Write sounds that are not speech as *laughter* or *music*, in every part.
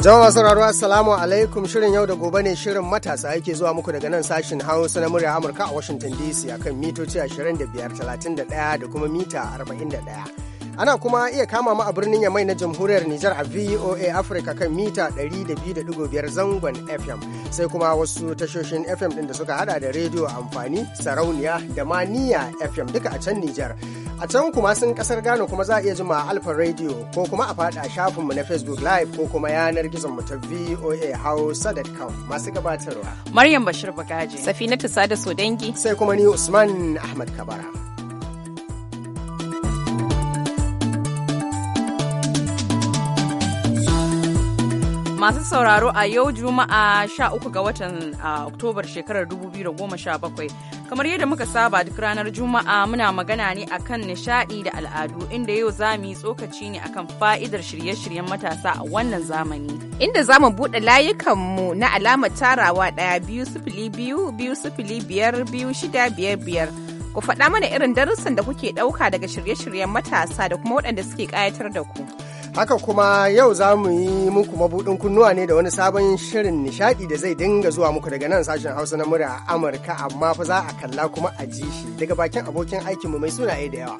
Zama masu sauraro Assalamu alaikum shirin yau da gobe ne shirin matasa yake zuwa muku daga nan sashin Hausa na murya Amurka a Washington DC akan mitoci 25, 31 da kuma mita 41. ana kuma iya kama mu a birnin yamai na jamhuriyar Nijar a VOA Africa kan mita 200.5 zangon FM sai kuma wasu tashoshin FM ɗin da suka hada da rediyo amfani sarauniya da maniya FM duka a can Nijar A can kuma sun kasar gano kuma za a iya jima a Alfa Radio ko kuma a fada shafinmu na Facebook Live ko kuma yanar gizon mu ta VOA Hausa.com masu gabatarwa. Maryam Bashir Bagaji. Safinatu Sada Sodangi. Sai kuma ni Usman Ahmad Kabara. Masu sauraro a yau Juma'a 13 ga watan ah, Oktobar shekarar 2017 Kamar yadda muka saba duk ranar Juma'a muna magana ne akan nishadi da al'adu inda yau za mu yi tsokaci ne akan fa'idar shirye-shiryen matasa a wannan zamani. Inda za mu buɗe layukanmu na alamar tarawa ɗaya biyu sifili biyu biyu sifili biyar biyu shida biyar biyar. Ku faɗa mana irin darussan da kuke ɗauka daga shirye-shiryen matasa da kuma waɗanda suke ƙayatar da ku. Haka kuma yau za mu yi muku mabuɗin kunnuwa ne da wani sabon shirin nishaɗi da zai dinga zuwa muku daga nan sashen Hausa na murya Amurka amma fa za a kalla kuma a ji shi daga bakin abokin aikinmu mai sunaye da yawa.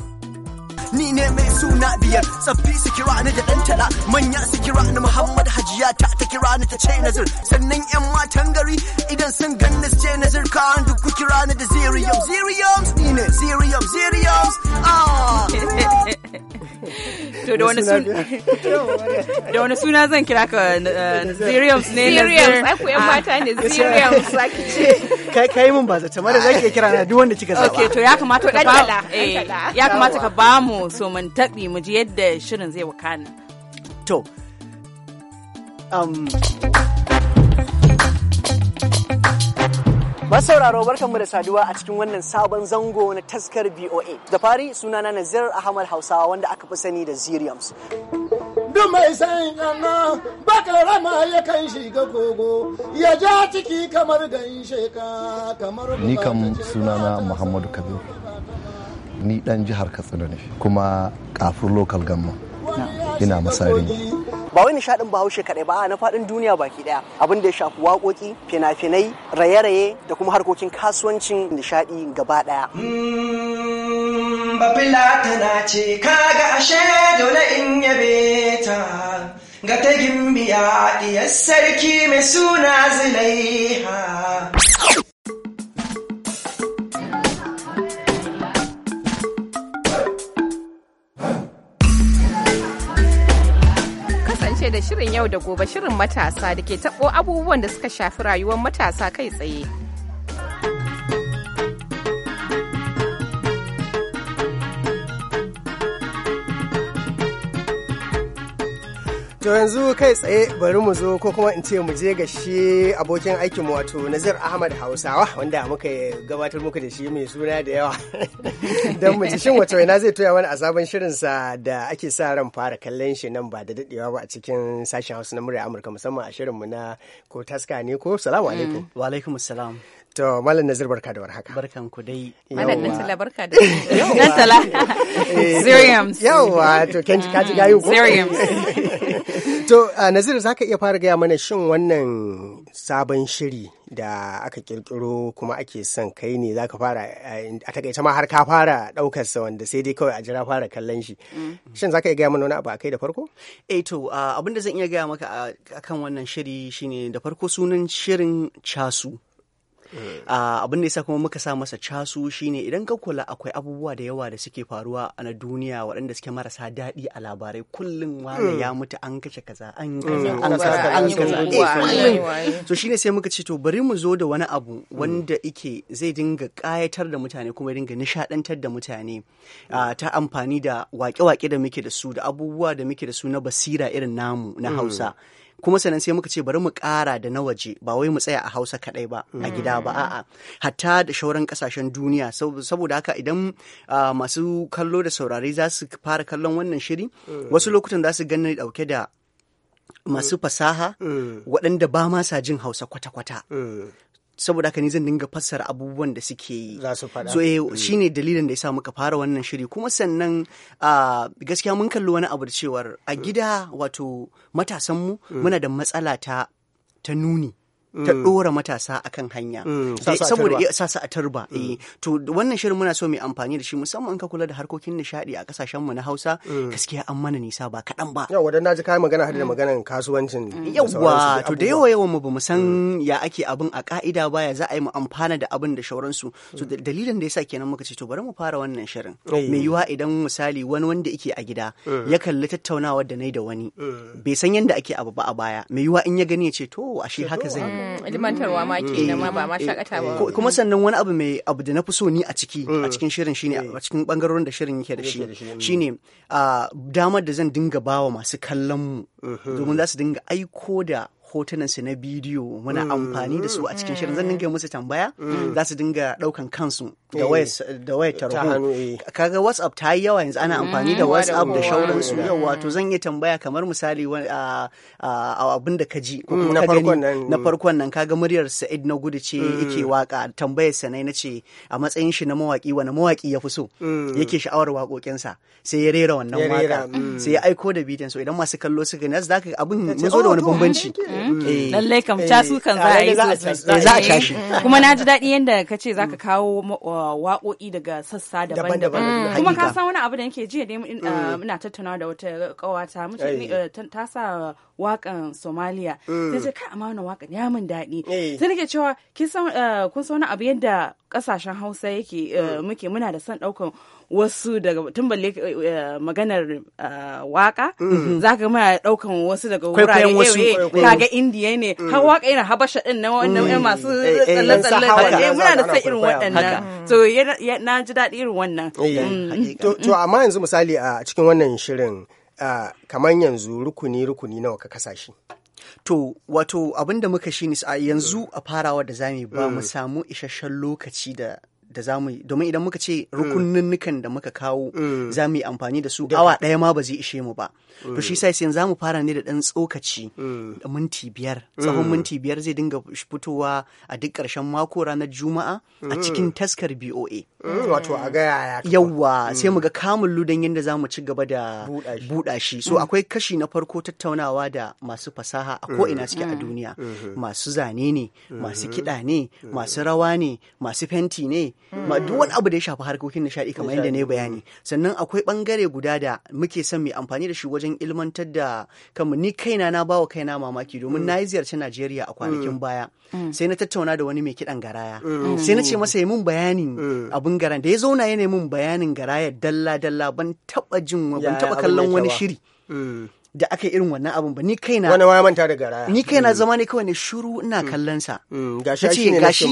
ni ne mai suna biyar tsaffi su kira ni da ɗan tara manya su kira ni muhammad hajiya ta ta kira ni ta ce nazir sannan yan matan gari idan sun ganni su ce nazir kan duk kira ni da ziriyom ziriyom ni ne ziriyom ziriyom ah *laughs* to da wani suna *laughs* da wani suna zan kira ka uh, Zerium ne na Zerium ai ku yan ah. mata ne Zerium saki ce *laughs* kai kai mun ba ta mara zaki kira na duk wanda kika zaba okay to ya kamata ka ba eh, ya kamata ka ba mu so mun tabi mu ji yadda shirin zai wakana to um Masauraro barkanmu da saduwa a cikin wannan sabon zango na taskar BOA. Da fari sunana Nazir Ahmad Hausawa wanda aka fi sani da Ziriams. duk mai san yana baka rama ya kan shiga kogo ya ja ciki kamar ganshe ka kamar ni kam sunana muhammadu kabir ni dan jihar katsina ne kuma kafur local gamma ina masari ba wai nishadin bahaushe kadai ba na fadin duniya baki daya abin da ya shafi waƙoƙi fina-finai raye-raye da kuma harkokin kasuwancin nishadi gaba daya hmm, bafila tana ce ga ashe dole in yabe ta ga ta gimbiya sarki mai suna zulaiha da shirin yau da gobe shirin matasa da ke tabo abubuwan da suka shafi rayuwar matasa kai tsaye. To yanzu kai tsaye bari mu zo ko kuma in ce mu je ga shi abokin aikin wato Nazir Ahmad Hausawa wanda muka gabatar muku da shi mai suna da yawa. *laughs* Don mu ji shin wato ina zai toya wani a sabon sa da ake sa ran fara kallon shi nan ba da dadewa ba a cikin sashen Hausa na murya Amurka musamman a shirin mu na ko taska ne ko salamu alaikum. Mm, wa alaikum assalam. To Malam Nazir barka da warhaka. Barkan ku dai. Malam Nazir barka da Nazala. Ziriams. Yawwa to kin ka ji gayu ko? Ziriams. *laughs* To uh, Nazir ka iya fara gaya mana shin wannan sabon shiri da aka kirkiro kuma ake son kai ne zaka fara uh, a takaice ma har ka fara daukar sa wanda sai dai kawai a jira fara kallon shi. Mm-hmm. Shin ka iya gaya mana wani abu akai da farko? Eh to uh, abin da zan iya gaya maka akan wannan shiri shine da farko sunan shirin casu. Ah, abin da yasa kuma muka sa masa casu shine idan ka kula akwai abubuwa da yawa da suke faruwa na duniya waɗanda suke marasa daɗi a labarai kullum wani ya mutu an kashe kaza an mm. kaza an kaza an kaza so eh, shine sai muka ce to bari mu zo da wani abu mm. wanda ike zai dinga ƙayatar da mutane kuma dinga nishaɗantar da mutane mm. ah, ta amfani da waƙe-waƙe da muke da su da abubuwa da muke da su na basira irin namu na Hausa kuma sannan sai muka ce bari mu ƙara da na waje ba wai mu tsaya a hausa kaɗai ba a mm. gida ba a'a hatta da shauran ƙasashen duniya saboda haka idan masu kallo da saurari za su fara kallon wannan shiri mm. wasu lokutan za su gani ɗauke da masu mm. fasaha waɗanda ba ma sa jin hausa kwata-kwata saboda haka ni zan dinga fassara abubuwan da suke yi za su faɗa so eh mm. ne dalilin da ya sa muka fara wannan shiri kuma sannan ah, gaskiya mun kalli wani abu da cewar a gida wato matasanmu mu mm. muna da matsala ta ta nuni ta mm. ɗora matasa akan hanya saboda mm. ya eh, sasa a tarba eh, mm. eh. to wannan shirin muna so mai amfani da shi musamman ka kula da harkokin nishadi a kasashen mu na Hausa gaskiya an mana nisa ba kaɗan ba yawa dan naji kai magana da maganan kasuwancin yawa to da yawa yawan mu bamu san ya ake abin a ka'ida ba ya za a yi mu amfana da abin da shauransu so dalilin da yasa kenan muka ce to bari mu fara wannan shirin mai yiwa idan misali wani wanda yake a gida ya kalli tattaunawar da nai da wani bai san yadda ake abu ba a baya mai yiwa in ya gani ya ce to ashe haka zan yi Mm, ilmantarwa ma ke ma ba ma shakata ba kuma sannan wani abu mai abu da na fi so ni a ciki a mm. cikin shirin shine mm. a cikin bangarorin da shirin yake da shi shine ah, damar da zan dinga bawa masu kallon mu mm-hmm. domin za su dinga aiko da hotunan su na bidiyo muna mm. amfani da su a cikin shirin zan dinga mm. musu tambaya mm. za su dinga daukan kansu da eh, wayar tarho eh. kaga whatsapp ta yi yawa yanzu ana amfani da whatsapp da su yau wato zan yi tambaya kamar misali a abin da ka ji ko kuma ka gani na farkon nan kaga muryar sa'id na gudu ce yake waka tambayar sa na ce a matsayin shi na mawaki wani mawaki ya fi so yake sha'awar waƙoƙinsa sai ya rera wannan waka sai ya aiko da bidiyon so idan masu kallo suka ne za ka abin mun zo da oh, wani bambanci Mm. Mm. Eh. lallai kam eh. su kan za a yi za a eh. kuma na ji daɗi yadda ka ce za ka kawo waƙoƙi daga sassa daban-daban mm. kuma ka san wani abu da nake jiya dai ina uh, tattaunawa da wata ƙawata ta sa waƙan Somalia sai ce kai amma wani waƙan ya min daɗi sai nake cewa uh, kun san wani abu yadda ƙasashen Hausa yake uh, muke muna da son ɗaukan wasu daga tun balle eh, eh, maganar eh, waka mm-hmm. za ka ma daukan wasu daga wurare kaga indiya ne mm. har waka yana habasha din na wannan yan mm. masu tsalle tsalle muna da sai irin waɗannan so na ji daɗi irin wannan mm. to amma yanzu misali a cikin wannan shirin kamar yanzu rukuni rukuni nawa ka kasa shi To, wato abin da muka shi yanzu a farawa da zami ba mu samu isasshen lokaci da da za domin idan muka ce mm. rukunninnukan da muka kawo mm. za mu yi amfani da su awa ɗaya ma ba zai ishe mu ba to mm. shi sai yanzu za mu fara ne da ɗan tsokaci da minti biyar tsawon minti biyar zai dinga fitowa a duk ƙarshen mako ranar juma'a a cikin taskar boa wato a ga yaya yawwa sai mu ga kamun ludan yadda za mu ci gaba da buɗa shi so akwai kashi na farko tattaunawa da masu fasaha a ko ina suke a duniya masu zane ne masu kiɗa ne masu rawa ne masu fenti ne ma duk wani abu da ya shafi harkokin nishadi kamar yadda ne bayani sannan akwai bangare guda da muke son mu amfani da shi wajen ilmantar da kanmu ni kaina na bawa kaina mamaki domin na yi ziyarci Najeriya a kwanakin mm. baya mm. sai na tattauna da wani mai kiɗan garaya mm. sai na ce masa ya mun bayanin abun garan da ya zauna yana mun bayanin garaya dalla dalla ban taba jin ban taba kallon wani shiri da aka yi irin wannan abun ba ni kaina wani ma manta da garaya ni kaina mm. zama ne kawai ne shuru ina mm. kallon sa mm, gashi shi ne gashi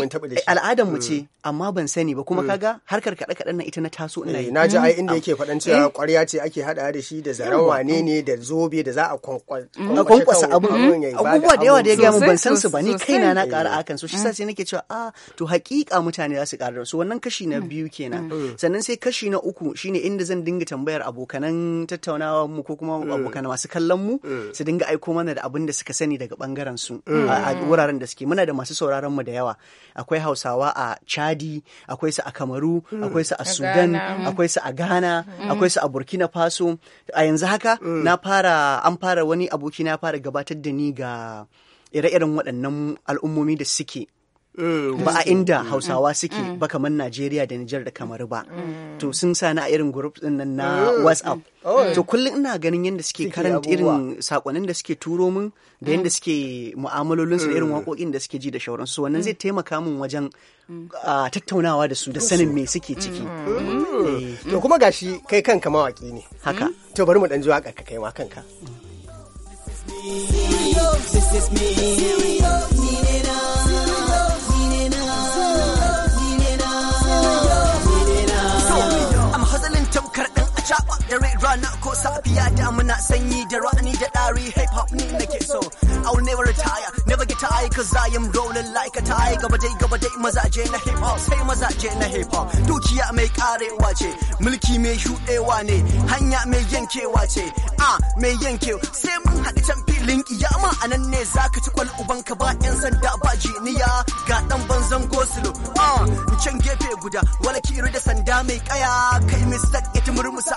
al'adar mu ce amma ban sani ba kuma kaga harkar kaɗe kaɗen nan ita na taso ina yi eh, na ai inda yake faɗan cewa eh? ƙwarya ce ake haɗa da shi da zarawa ne ne da zobe da za a kwankwasa abun abubuwa da yawa da ya gaya mu ban san su ba ni kaina na ƙara eh. akan so shi sa sai nake cewa a ah, to haƙiƙa mutane za su ƙara su wannan kashi na biyu kenan sannan sai kashi na uku shine inda zan dinga tambayar abokanan tattaunawa mu ko kuma abokan masu kallon mu eh. su dinga aiko mana da abin da suka sani daga bangaren su eh. a wuraren da suke muna da masu sauraron mu da yawa akwai Hausawa a Chadi akwai su a Kamaru hmm. akwai su a Sudan hmm. akwai su a Ghana hmm. akwai su a Burkina Faso a yanzu haka eh. na fara an fara wani aboki na fara gabatar da ni ga ire-iren waɗannan al'ummomi da suke ba a inda hausawa suke ba kamar najeriya da nijar da kamar ba to sun sani a irin group din nan na whatsapp to kullum ina ganin yadda suke karanta irin sakonnin da suke turo min da yadda suke mu'amalolin su da irin waƙoƙin da suke ji da shauran su wannan zai taimaka min wajen tattaunawa da su da sanin me suke ciki to kuma gashi kai kanka mawaki ne haka to bari mu dan ji waƙar ka kai ma kanka me, this is me. chop up rana ko safiya da muna sanyi da rani da dari hip hop ni nake so I'll never retire never get tired cause I am rolling like a tiger gaba dai gaba dai mazaje na hip hop sai mazaje na hip hop dukiya mai karewa ce mulki mai shudewa ne hanya mai yankewa ce a ah, mai yanke sai mun haɗu can filin kiyama a nan ne zaka ci kwal ka ba yan sanda ba jiniya ga dan banzan gosulo a ah, can gefe guda wala kiri da sanda mai kaya kai mistake ita murmusa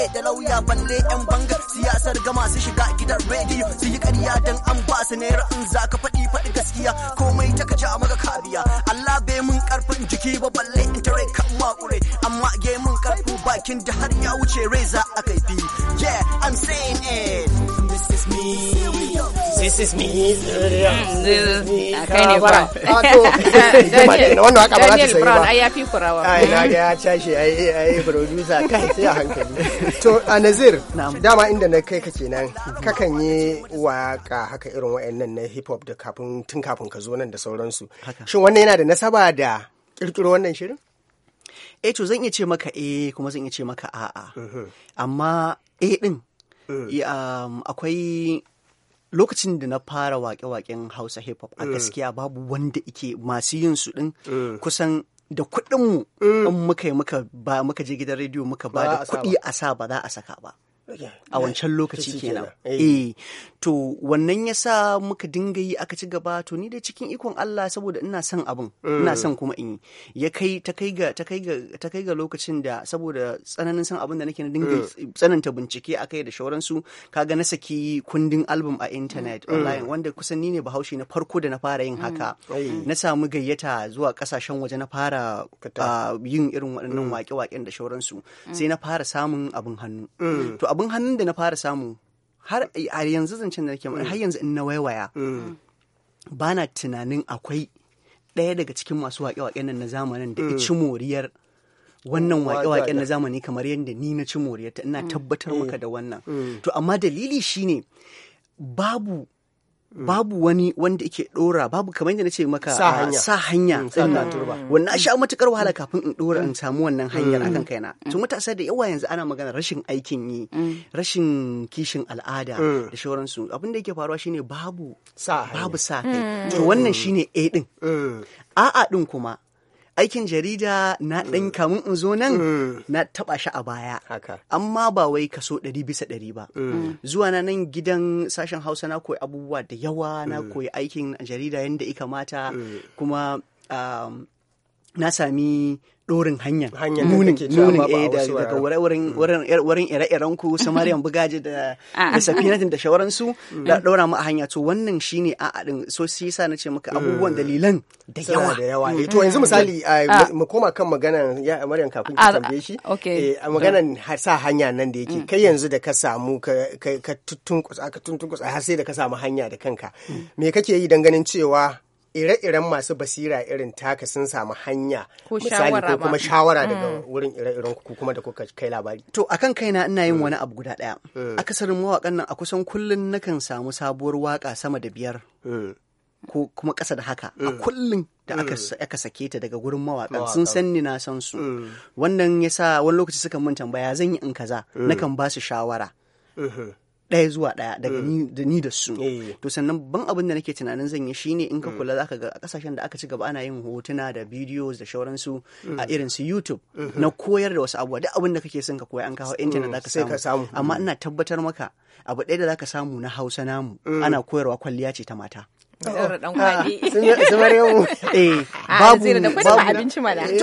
DPA eh, da lauya balle 'yan banga siyasar ga masu shiga gidan rediyo su yi ƙarya don an ba su ne in za ka faɗi faɗi gaskiya komai ta a maka kabiya Allah bai mun karfin jiki ba balle in tare kan makure amma ge mun karfin bakin da har ya wuce reza a kaifi yeah I'm saying it this is me this is me kai ne brown ah, to *laughs* wannan haka ba za ta sayi ba ai yafi kurawa ai na ga ya cashe ai ai producer kai sai a hankali to a nazir dama inda na kai ka nan kakan yi waka haka irin wayannan na hip hop da kafin tun kafin ka zo nan da sauransu shin wannan yana da nasaba da kirkiro wannan shirin eh to zan iya ce maka eh kuma zan iya ce maka a'a mhm. amma eh din mm. um, akwai lokacin da na fara waƙe-waƙen hausa hip hop a eh. gaskiya babu wanda ike masu yin su din eh. kusan da kuɗinmu eh. in muka yi muka je gidan rediyo muka ba da kuɗi a sa ba za a saka ba a wancan lokaci kenan eh. eh to wannan yasa muka dinga yi aka ci gaba to ni da cikin ikon Allah saboda ina son abin ina eh. son kuma in ya kai ta kai ga lokacin da saboda tsananin son abin da nake na dinga eh. tsananta bincike akai da shauransu kaga na saki kundin album a internet mm. online wanda kusan ni ne bahaushe na farko da na fara yin mm. haka na samu gayyata zuwa kasashen waje na fara ah, yin irin waɗannan mm. waƙe-waƙen da shauransu sai na fara samun abin hannu abin hannun da na fara samu har a yanzu zancen da nake har mm. yanzu in waiwaya mm. ba na tunanin akwai ɗaya daga cikin masu waƙe-waƙen nan na zamanin da mm. ci moriyar wannan waƙe-waƙen na zamani kamar yadda ni na ci moriyar ta ina tabbatar maka da wannan to amma dalili shine babu Mm. babu wani wanda yake dora babu kamar yadda ce maka sa hanya mm, mm. wannan sha matukar wahala kafin in dora in samu wannan hanyar akan kaina to matasa da yawa yanzu ana magana rashin aikin yi rashin kishin al'ada da shauransu abin da yake faruwa shine babu sa babu sa kai to wannan shine a din a'a din kuma aikin jarida na ɗan mm. kamun in zo nan mm. na taɓa shi a baya amma ba wai kaso ɗari bisa ɗari ba mm. zuwa na nan gidan sashen hausa na koyi abubuwa da yawa na koyi aikin jarida yadda ya kamata kuma um, na sami Ɗorin hanyar nunin nunin eh, daga mm. wurin ire-iren ku su Maryam Bugaji da ah. Safinatin da shawaransu mm. da daura mu a hanya to wannan shine a din so shi yasa ce maka mm. abubuwan dalilan da yawa da yawa eh, to yanzu misali ah. mu koma kan maganan ya Maryam kafin ka ah, tambaye shi eh, a maganar sa hanya nan da yake kai yanzu da ka samu ka tuntun ka har sai da ka samu hanya da kanka me kake yi dan ganin cewa ire-iren masu basira irin taka sun samu hanya misali ko kuma shawara daga mm. wurin ire-iren ku kuma da kuka kai labari to akan kaina ina yin mm. wani abu guda daya mm. akasarin mawakan nan a kusan kullun nakan samu sabuwar waka sama da biyar ko kuma ƙasa da haka a kullum da aka sake ta daga gurin mawakan sun san ni na san su wannan yasa wani lokaci suka mun tambaya zan yi in kaza nakan ba su shawara mm-hmm. ɗaya zuwa ɗaya daga mm. ni da su eh. to sannan ban abin da nake tunanin zan yi shine in ka mm. kula zaka ga a kasashen da aka ci gaba ana yin hotuna da videos da shauransu mm. a irin su YouTube mm-hmm. na koyar da wasu abubuwa duk abin da kake son ka koya an kawo internet zaka samu amma ina tabbatar maka abu ɗaya da zaka samu na Hausa namu ana koyarwa kwalliya ce ta mata. Ah. Sun *laughs* babu babu abinci to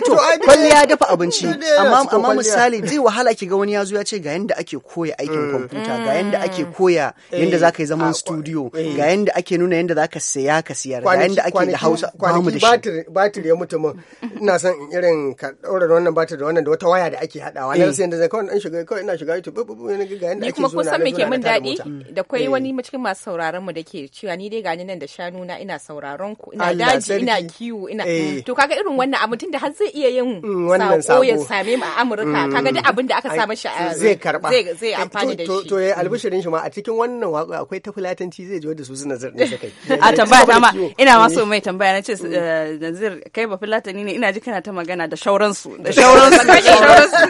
to dafa abinci amma misali zai wahala ki ga wani ya zo ya ce ga yanda ake koya aikin mm. kwamfuta ga mm. yanda ake koya yanda eh. za ka yi zaman ah, studio eh. ga yanda ake nuna yanda za ka saya ka siyar ga yanda ake da Hausa ba da shi batir ya mutu min ina son irin ka daura wannan batir da wannan da wata waya da ake hadawa na eh. sai yanda zai kawai dan shiga kawai ina shiga YouTube bubu ne ga yanda ake kuma kusan me ke min daɗi da kai wani cikin masu sauraron mu da ke cewa ni dai gani nan da shanu na ina sauraron ku ina daji ina kiwo ina eh. to kaga irin wannan abu tunda har zai iya yin mm, wannan sako ya same mu a Amurka mm. kaga duk abin da aka sa mashi zai karba zai eh, amfani da shi to to albishirin shi ma a cikin wannan waka akwai ta fulatanci zai ji da su zina zarne sakai *laughs* a tambaya ta ma ina ma so mai tambaya na ce mm. eh, Nazir kai ba fulatani ne ina ji kana ta magana da shauran su da *laughs* shauransu da shauransu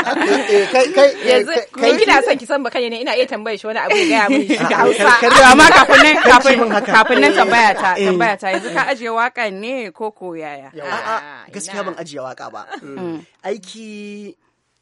*laughs* kai kai kina son ki san ba kai ne ina iya tambayar shi wani abu ga ya mun shi ah, da ah, Hausa amma kafin nan kafin nan tambaya ta tambaya ta yanzu ka ajiye waka ne ko koyaya? yaya? Ah, gaskiya ban ajiye waka ba. Mm. Aiki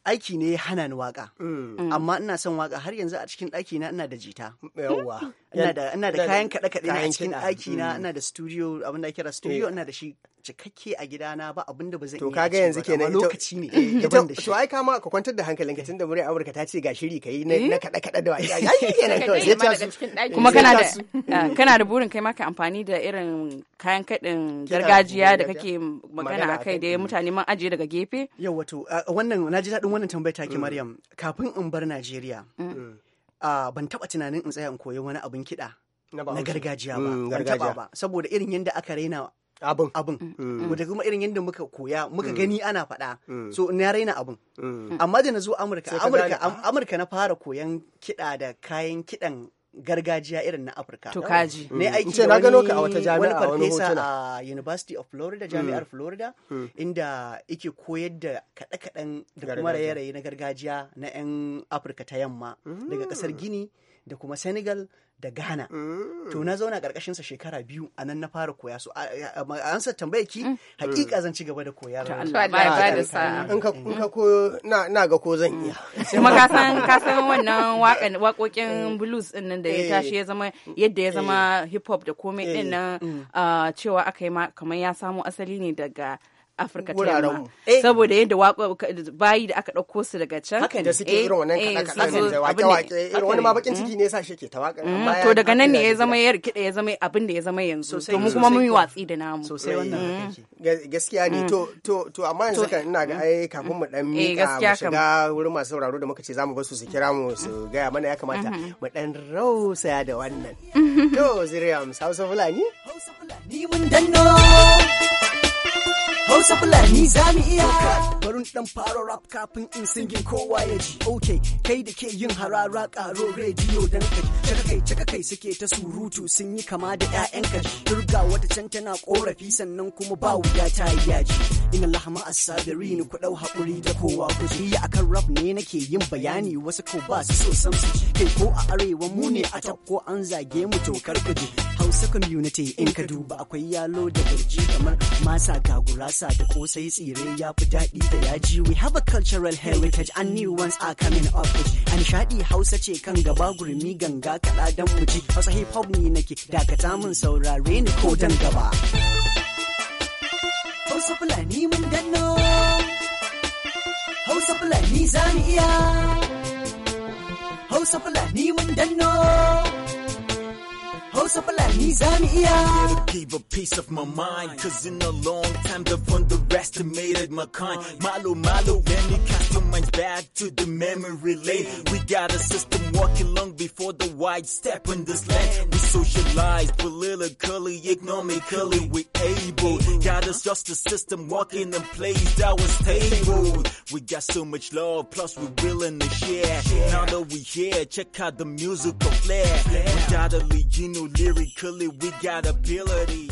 aiki ne ya hana ni waka mm. amma ina son waka har yanzu a cikin ɗaki na ina da jita yawwa ina da kayan kaɗe kaɗe na a cikin ɗaki na mm. ina da studio abin da kira studio eh. ina da shi cikakke a gida na ba abin da ba zan yi to kaga yanzu kenan lokaci ne eh, daban da shi to ai kama ka kwantar da hankalin ka tunda muryar Amurka ta ce ga shiri kai na eh? kaɗe kaɗe da wai ai kenan to sai ta kuma kana da kana da burin kai ma ka amfani da irin kayan kaɗin gargajiya da kake magana kai da mutane man aje daga gefe yawa to wannan naji daɗin wannan tambayar take mm. Maryam kafin in bar Najeriya mm. Mm. ban taba tunanin in tsaya in koyi wani abin kiɗa na gargajiya ba ban taba ba saboda irin yadda aka raina abin abin wata kuma irin yadda muka koya muka gani ana faɗa so na raina abin amma da na zo amurka amurka na fara koyan kiɗa da kayan kiɗan gargajiya irin na Afirka. To kaji. Ne mm. aiki da wani a wata jami'a wani farfesa a University of Florida mm. jami'ar Florida mm. inda yake koyar da kaɗe-kaɗen da kuma raye-raye na gargajiya na 'yan Afirka ta yamma daga ƙasar Gini da kuma Senegal da Ghana. Mm. To na zauna karkashin sa shekara biyu a nan na fara koya su. Ansa tambaye ki mm. hakika mm. zan ci gaba da koya. In ka ko na ga ko zan iya. Kuma ka san ka san wannan wakan wakokin eh. blues din nan da ya tashi eh. ya zama yadda ya zama eh. hip hop da komai din nan ah, cewa aka yi ma kamar ya samo asali ne daga Afirka ta yamma. Eh. Saboda yadda waƙo bayi da aka ɗauko su daga can. hakan da suke eh, irin wannan eh, kaɗa-kaɗa da waƙe waƙe irin wani ma bakin mm. ciki ne sa shi ke ta waƙa mm. To daga nan ne ya zama ya rikida ya zama abin da ya zama yanzu. To mu kuma mun yi watsi da namu. Sosai wannan mm. gaskiya ne to to to amma yanzu kan ina ga ai kafin mu dan mika mu shiga wurin masu sauraro da muka ce zamu bar su su kira mu su gaya mana ya kamata mm-hmm. mu dan rausa da wannan. Mm-hmm. To Ziriyam Hausa Fulani. Hausa Fulani mun danno. Hausa Fulani za mu iya. Barin ɗan faro rap kafin in singin kowa ya ji. oke kai da ke yin harara karo rediyo dan kaji. kai caka kai suke ta surutu sun yi kama da 'ya'yan kaji. Turga wata can tana korafi sannan kuma ba wuya ta yi yaji. ina lahama asabiri ni ku dau hakuri da kowa ku ji akan rap ne nake yin bayani wasu ko ba su so san su kai ko a arewa mu ne a ko an zage mu to karkaje Hausa community in ka duba akwai yalo da garji kamar masa ga gurasa da kosai tsire ya fi daɗi da yaji we have a cultural heritage and new ones are coming up a nishaɗi Hausa ce kan gaba gurmi ganga kaɗa dan ji Hausa hip hop ne nake dakata min saurare ni ko dan gaba. Hausa Fulani mun danno. Hausa Fulani za mu iya. Hausa Fulani mun danno. Hausapalam Nizamiya. Give a piece of my mind, cause in a long time they underestimated my kind. Malo Malo, when it comes to mind back to the memory lane. We got a system walking long before the white step in this land. We socialize politically, economically, we able. Got us just a system walking the place that was stable. We got so much love, plus we're willing to share. Now that we here, check out the musical flair. We got a Legino lyrically we got ability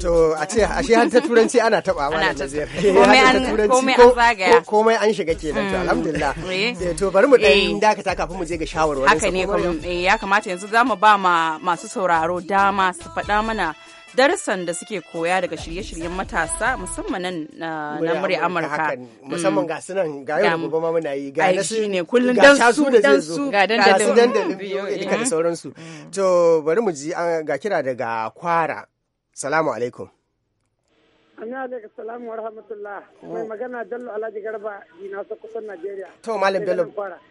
to a ce ashe har ta turanci ana taba ana ta eh, komai an zagaya komai an shiga kenan to hmm. alhamdulillah *laughs* eh. Eh, to bari mu dan dakata kafin mu je ga shawarwarin haka ne ya kamata yanzu zamu ba ma masu sauraro dama su faɗa mana darasan da suke koya daga shirye-shiryen matasa musamman nan na murya amurka musamman ga sunan ga yau gobe ma muna yi ga nasu ne kullun dan su da zai zo ga dan da duka da su mm. to bari mu ji ga kira daga kwara salamu alaikum Ana daga salamu wa rahmatullah mai oh. magana Bello Alhaji Garba Dina Sokoto Najeriya. To Malam Bello.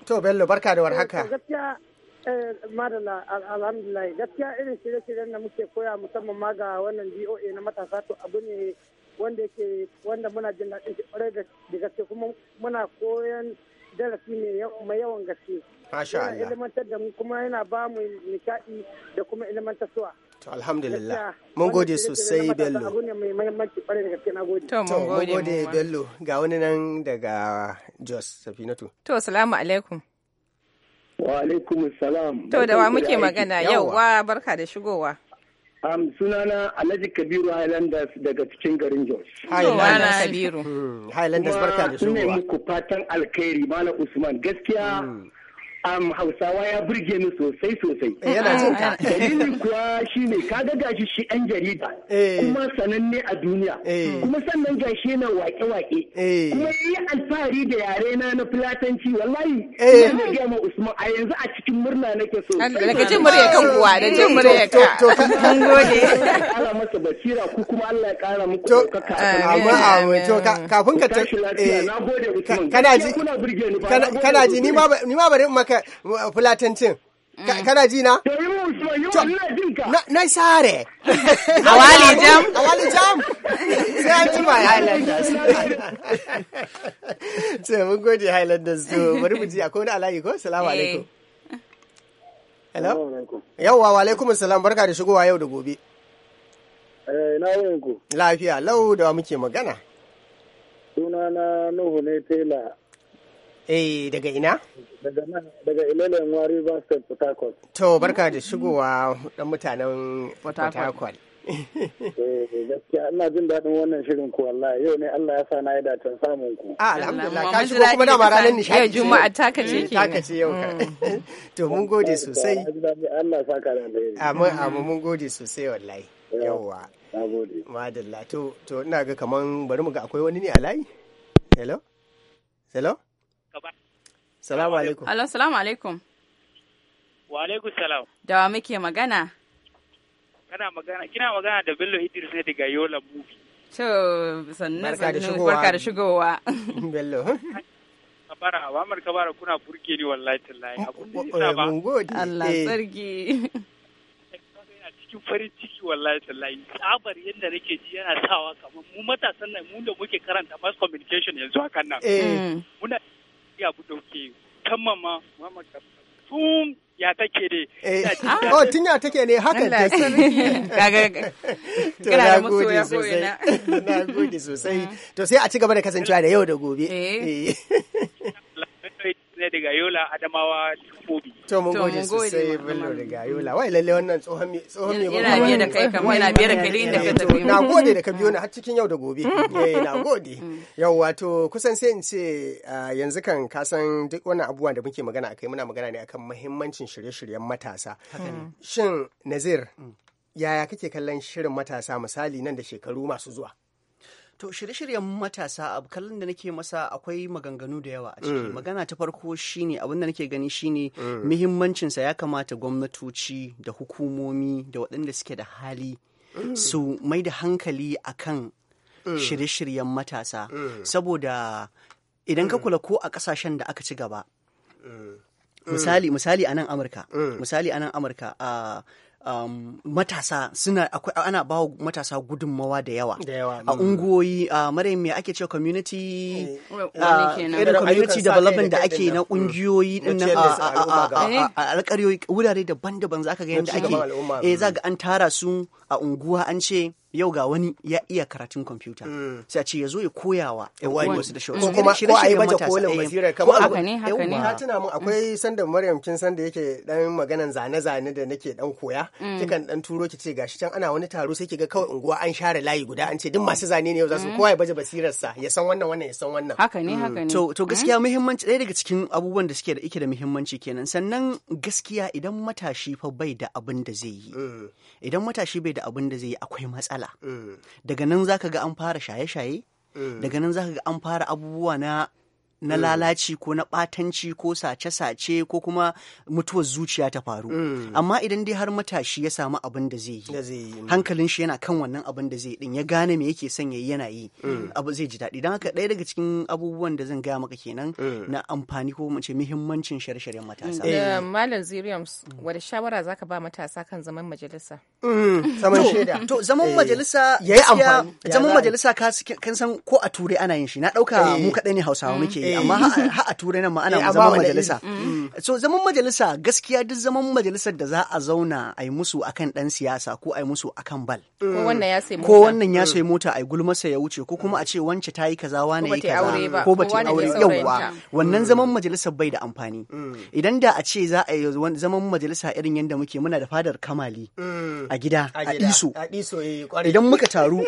To Bello barka da warhaka. Eh, gaskiya Eh, madalla alhamdulillah gaskiya irin shirye-shiryen da muke koya musamman ma ga wannan BOA na matasa to abu ne wanda yake wanda muna jin daɗin shi ƙwarai da gaske kuma muna koyan darasi ne mai yawan gaske. Yana ilimantar da mu kuma yana ba mu nishaɗi da kuma ilimantar suwa. alhamdulillah. Mun gode sosai Bello. Abu ne mai To mun gode Bello ga wani nan daga Jos Safinatu. To assalamu alaikum. Wa alaikum salam. To da wa muke magana yau wa barka da shigowa. Am sunana Alhaji Kabiru Highlanders daga cikin garin Jos. Highlanders Kabiru. Hmm, Highlanders barka da shigowa. Kuma muku fatan alkhairi Malam Usman gaskiya. Hmm. am hausawa ya burge ni sosai sosai. Eh, yana jin ka. *laughs* Dalili kuwa shi ne ga gashi shi ɗan jarida. Eh. Kuma sananne a duniya. Eh. Kuma sannan gashi yana wake-wake. Kuma yi alfahari da yare na na filatanci wallahi. Ina ga ma Usman a yanzu a cikin murna nake so. Daga jin murya kan kuwa da jin murya ka. To kun gode. Allah masa basira ku kuma Allah ya kara muku ɗaukaka. Amin amin. To kafin ka tafi. Kana ji. Kana ji ni ma bari ma bari Ka fulatancin. Mm. Kana ji na? Na sare. Awali *laughs* jam. Awali jam. Sai an jima Highlanders. Sai *laughs* mun gode Highlanders to bari mu ji akwai wani alayi ko? Salamu eh. alaikum. Hello? Yawwa wa alaikum salam barka da shigowa yau da gobe. Eh, na yanku Lafiya lau da muke magana. Suna na Nuhu ne Tela Eh daga ina? Daga nan daga Ilele Nwari River State Port Harcourt. To barka da shigowa dan mutanen Port Harcourt. *laughs* Eh, gaskiya ina jin daɗin wannan shirin ku wallahi yau ne Allah ya sa na yi dacen samun ku. Ah, alhamdulillah ka shigo kuma da ranar nishadi. Yau juma'a ta kace eh, ke. Ta kace yau ka. Mm. *laughs* To mun gode sosai. Allah sa ka da alheri. Amin amin mun gode sosai wallahi. Yawwa. Na gode. Madalla to to ina ga kaman bari mu ga akwai wani ne a layi. Hello? Hello? gaba. Salamu alaikum. Alo, salamu alaikum. Wa alaikum salam. Da wa muke magana? Kana magana, kina magana da Bello Idris ne daga Yola Mubi. To, sannan sannan Barka da shigowa. *laughs* Bello. Kabara, mar Kabara kuna burge ni wallahi tallahi. Eh, eh, mun gode. Allah eh. sarki. cikin farin ciki wallahi tallahi tsabar yadda nake ji yana sawa kamar mu matasan nan mu da muke karanta mass communication yanzu hakan nan mm. muna ya bu dauke kamman ma Muhammad tun ya take ne. Eh, ah. Oh, tun ya take ne haka ne. ta To *laughs* na gode sosai. Na gode sosai. To sai a ci gaba da kasancewa da yau da gobe. Eh. eh. *laughs* daga Yola Adamawa Kobi. To mun gode sosai Bello daga Yola. Wai lalle wannan tsohon mai tsohon mai Yana biye da kai kamar yana biye da kai inda ka tafi. Na gode da ka biyo ni har cikin yau da gobe. *laughs* Eh na gode. Mm. Yau wato kusan sai in ce yanzu kan ka san duk wannan abubuwan da muke magana akai muna magana ne akan muhimmancin shirye-shiryen matasa. Shin Nazir mm. yaya kake kallon shirin matasa misali nan da shekaru masu zuwa? To shirye-shiryen matasa abu kallon da nake masa akwai maganganu da yawa a ciki. Mm. Magana ta farko shine abin da nake gani shine mm. muhimmancinsa ya kamata gwamnatoci da hukumomi da waɗanda suke da hali mm. su mai da hankali akan shirye-shiryen matasa saboda idan ka kula ko a kasashen da aka ci gaba misali misali a nan amurka misali a nan amurka a um, matasa suna akwai ana ba matasa gudunmawa da yawa a mm. unguwoyi a uh, mara me ake cewa community mm. uh, irin community development da ake na kungiyoyi din nan mm. a alƙaryoyi wurare daban-daban za ka ga yadda ake eh, za ga an tara su a unguwa an ce yau ga wani ya iya karatun kwamfuta mm. sai a ce ya zo ya koya wa wasu da shi ko kuma ko a yi baje kolin eh. basirar kamar haka ne haka ne ha tuna mun akwai sanda Maryam kin san da yake dan maganan zane zane da nake dan koya mm. kikan dan turo ki ce gashi can ana wani taro sai ki ga kawai unguwa an share layi guda an ce duk masu zane ne yau za su mm. kowa ya baje basirar sa ya san wannan wannan ya san wannan haka ne haka ne to to gaskiya muhimmanci ɗaya daga cikin abubuwan da suke da ike da muhimmanci kenan sannan gaskiya idan matashi fa bai da abin da zai yi idan matashi bai da abin da zai yi akwai matsala wahala eh. daga nan zaka ga an fara shaye-shaye eh. daga nan zaka ga an fara abubuwa na na mm. lalaci ko na ɓatanci ko sace-sace ko kuma mutuwar zuciya ta faru mm. amma idan dai har matashi ya samu abin da zai yi hankalin shi yana kan wannan abin da zai din ya gane me yake son yayi yana yi mm. abu zai ji daɗi don haka ɗaya daga cikin abubuwan da zan gaya maka kenan na amfani ko mace muhimmancin shirye-shiryen matasa eh, eh. malam ziriams wada shawara zaka ba matasa kan zaman majalisa zaman shaida to zaman eh. majalisa yayi amfani zaman majalisa ka san ko a turai ana yin shi na ɗauka mu kaɗai ne hausawa muke Eh. amma ha a turai nan ma ana eh, zama majalisa mm. so zaman majalisa gaskiya duk zaman majalisar da za a zauna a yi musu akan dan siyasa ko a yi musu akan bal ko mm. wannan ya sai mota ko wannan ya mm. sai mota a yi gulmasa ya wuce ko kuma a ce wance ta yi kaza wane yi kaza ko ba ta aure yauwa wannan zaman majalisar bai da amfani idan da a ce za a yi zaman majalisa irin yadda muke muna da fadar kamali a gida a iso eh, idan muka taru *laughs*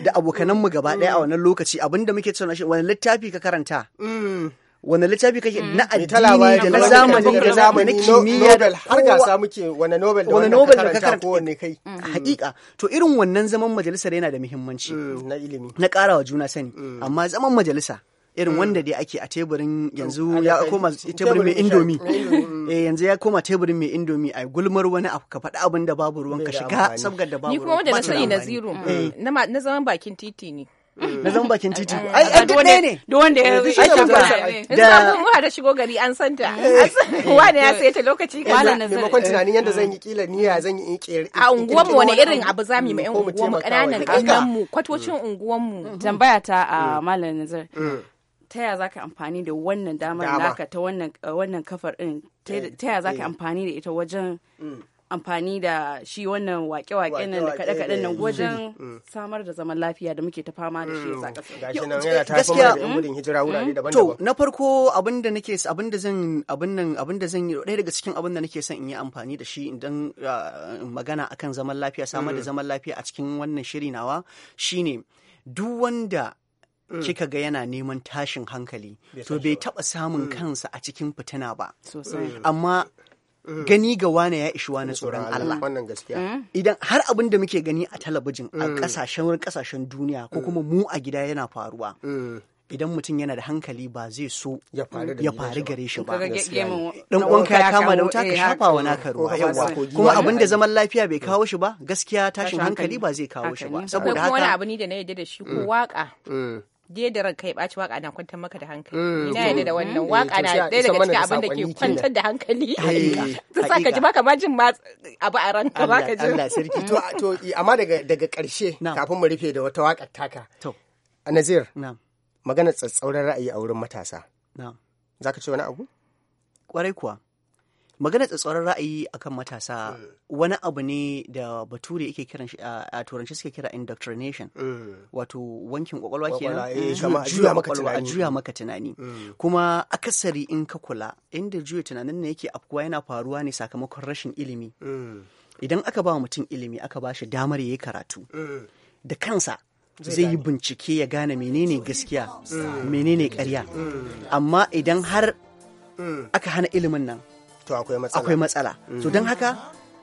da abokanan mu gaba ɗaya a mm. wannan lokaci abinda muke cewa shi wani littafi ka karanta mm. wani littafi kake mm. na addini da na zamani da zamani na kimiyya da har gasa muke wani nobel da wani nobel da ko kowanne kai hakika to irin wannan zaman majalisar yana da muhimmanci na ilimi na karawa juna sani amma zaman majalisa irin mm. wanda dai ake a teburin yanzu mm. ya koma teburin mai indomi mm. *laughs* eh, yanzu ya koma teburin mai indomi a gulmar wani abu ka faɗi abin da babu ruwan ka shiga sabgar da babu ni kuma wanda na sani na zero na zaman bakin titi ne na zaman bakin titi ai ai duk ne ne duk wanda ya zo shi da da mu da shigo gari an san ta eh. wani ya sai ta lokaci ka nazari nazar kun eh. tunanin yanda zan yi kila ni ya zan yi kiyar a unguwar mu wani irin abu za mu yi unguwar mu kananan kannan mu kwatocin unguwar mu tambaya ta a uh, malam nazari ta yaya zaka amfani da wannan damar naka ta wannan eh, kafar din ta yaya eh, zaka eh. amfani da ita wajen mm. amfani da shi wannan wake-wake nan da kaɗe-kaɗe nan wajen mm. samar da zaman lafiya da muke ta fama da shi a mm. ƙasa. hijira To na farko abin da nake abin da zan abin nan abin da zan yi ɗaya daga cikin abin da nake son in yi amfani da shi idan magana akan zaman lafiya samar da zaman lafiya a cikin wannan shiri nawa shine duk wanda Mm. kika ga yana neman tashin hankali to bai taba samun mm. kansa a cikin fitina ba mm. amma gani ga wane ya ishi wani tsoron Allah idan har abin da muke gani a talabijin a kasashen kasashen duniya ko kuma mu a gida yana faruwa idan mutum yana da hankali ba zai so ya faru gare shi ba dan uwanka ya kama da wuta ka eh, shafa wa naka ruwa yawa kuma abin da zaman lafiya bai kawo shi ba gaskiya tashin hankali ba zai kawo shi ba saboda haka wani abu ne da na yarda da shi ko waka da ranka ya ɓaci waka na kwantar maka da hankali eh, ina yadda da wannan eh, waka na ɗaya daga cikin abin da ke kwantar da hankali eh, ta sa ka ji baka ma jin abu a ranka baka jin Allah sarki to to amma daga daga ƙarshe kafin mu rufe da wata waka taka to Nazir magana tsatsauran ra'ayi a wurin matasa za ka ce wani abu Ƙwarai kuwa magana tsatsauran ra'ayi akan matasa eh. wani abu ne da bature yake kiran a turanci suke kira indoctrination eh. wato wankin kwakwalwa ke eh, a juya maka tunani kuma akasari in ka kula inda juya tunanin ne yake afkuwa yana faruwa ne sakamakon rashin ilimi idan aka ba mutum ilimi aka ba shi damar yayi karatu da kansa zai yi bincike ya gane menene gaskiya menene karya amma idan har aka hana ilimin nan to akwai matsala akwai matsala so mhm. don haka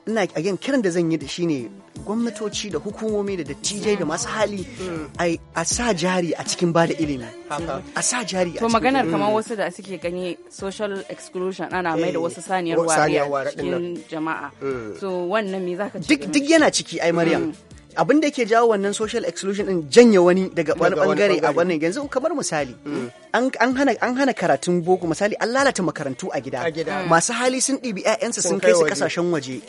ina again kiran da zan yi da shine gwamnatoci da hukumomi da dattijai da masu hali mhm. a sa jari a cikin bada ilimi a sa jari a cikin to maganar kamar wasu da suke gani social exclusion ana mai da eh, wasu saniyar wariya cikin jama'a so mm. wannan me zaka duk duk yana ciki ai maryam mm. abin da ke jawo wannan social exclusion din janye wani daga wani bangare a wannan yanzu kamar misali hmm. an hana karatun boko misali an lalata makarantu a gida hmm. masu hali sun ɗibi ƴaƴansu sun kai su kasashen waje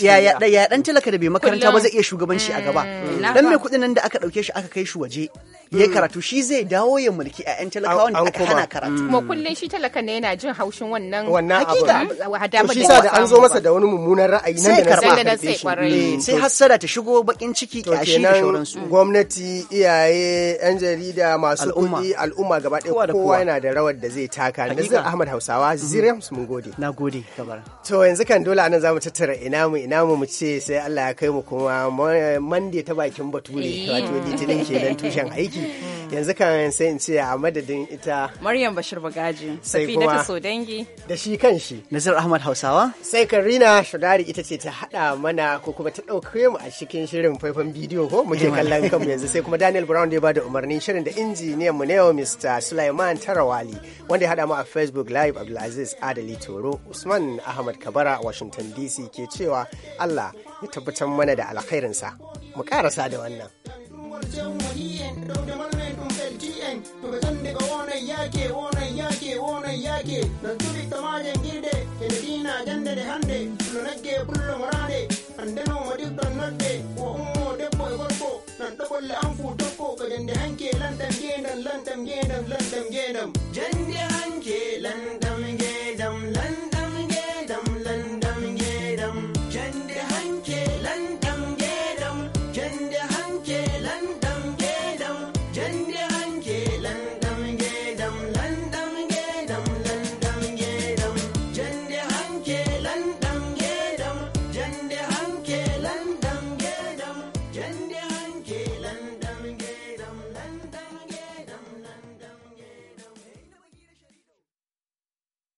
ya ya dan talaka da bai makaranta ba zai iya shugabanci a gaba hmm. dan mai kuɗin nan da aka ɗauke shi aka kai shi waje ya karatu shi zai dawo ya mulki a 'yan talakawan da aka hana karatu mm. kuma kullum shi talaka ne yana jin haushin wannan hakika. Mm. shi sa da an zo masa da wani mummunan ra'ayi nan da na sai mm. sai hasara ta shigo bakin ciki kyashi da shauransu gwamnati iyaye yan jarida masu kuɗi al'umma gaba ɗaya kowa yana da rawar da zai taka nazir ahmad hausawa mm-hmm. ziriyam mun gode na gode kabara to yanzu kan dole anan zamu tattara ina mu ina mu mu ce sai Allah ya kai mu kuma mande ta bakin bature eh. wato litinin kenan tushen aiki ciki hmm. yanzu kan sai in ce a madadin ita maryam bashir bagaji sai kuma dangi da shi kan shi nazar ahmad hausawa sai karina shugari ita ce ta hada mana ko kuma ta dauke mu a cikin shirin faifan bidiyo ko muke kallon kanmu yanzu sai kuma daniel brown da ya bada umarnin shirin da injiniyan mu yau mr sulaiman tarawali wanda ya hada mu a facebook live abdulaziz adali toro usman ahmad kabara a washington dc ke cewa allah ya tabbatar mana da alkhairinsa mu karasa da wannan ɗauke malmen ɗum fel ti'en to ɓe sande ko onon yaake onon yaake onon yaake non tuɓi tomaje girde ene dina jande nde hande pulo nagge pullo morande andeno mo ɗiɗɗon nodde o ummo debbo e gorko non ɗo ɓolle an fu tokko ko jande hanke landam gendam landam gendam landam gendam jande hanke landam gendam landam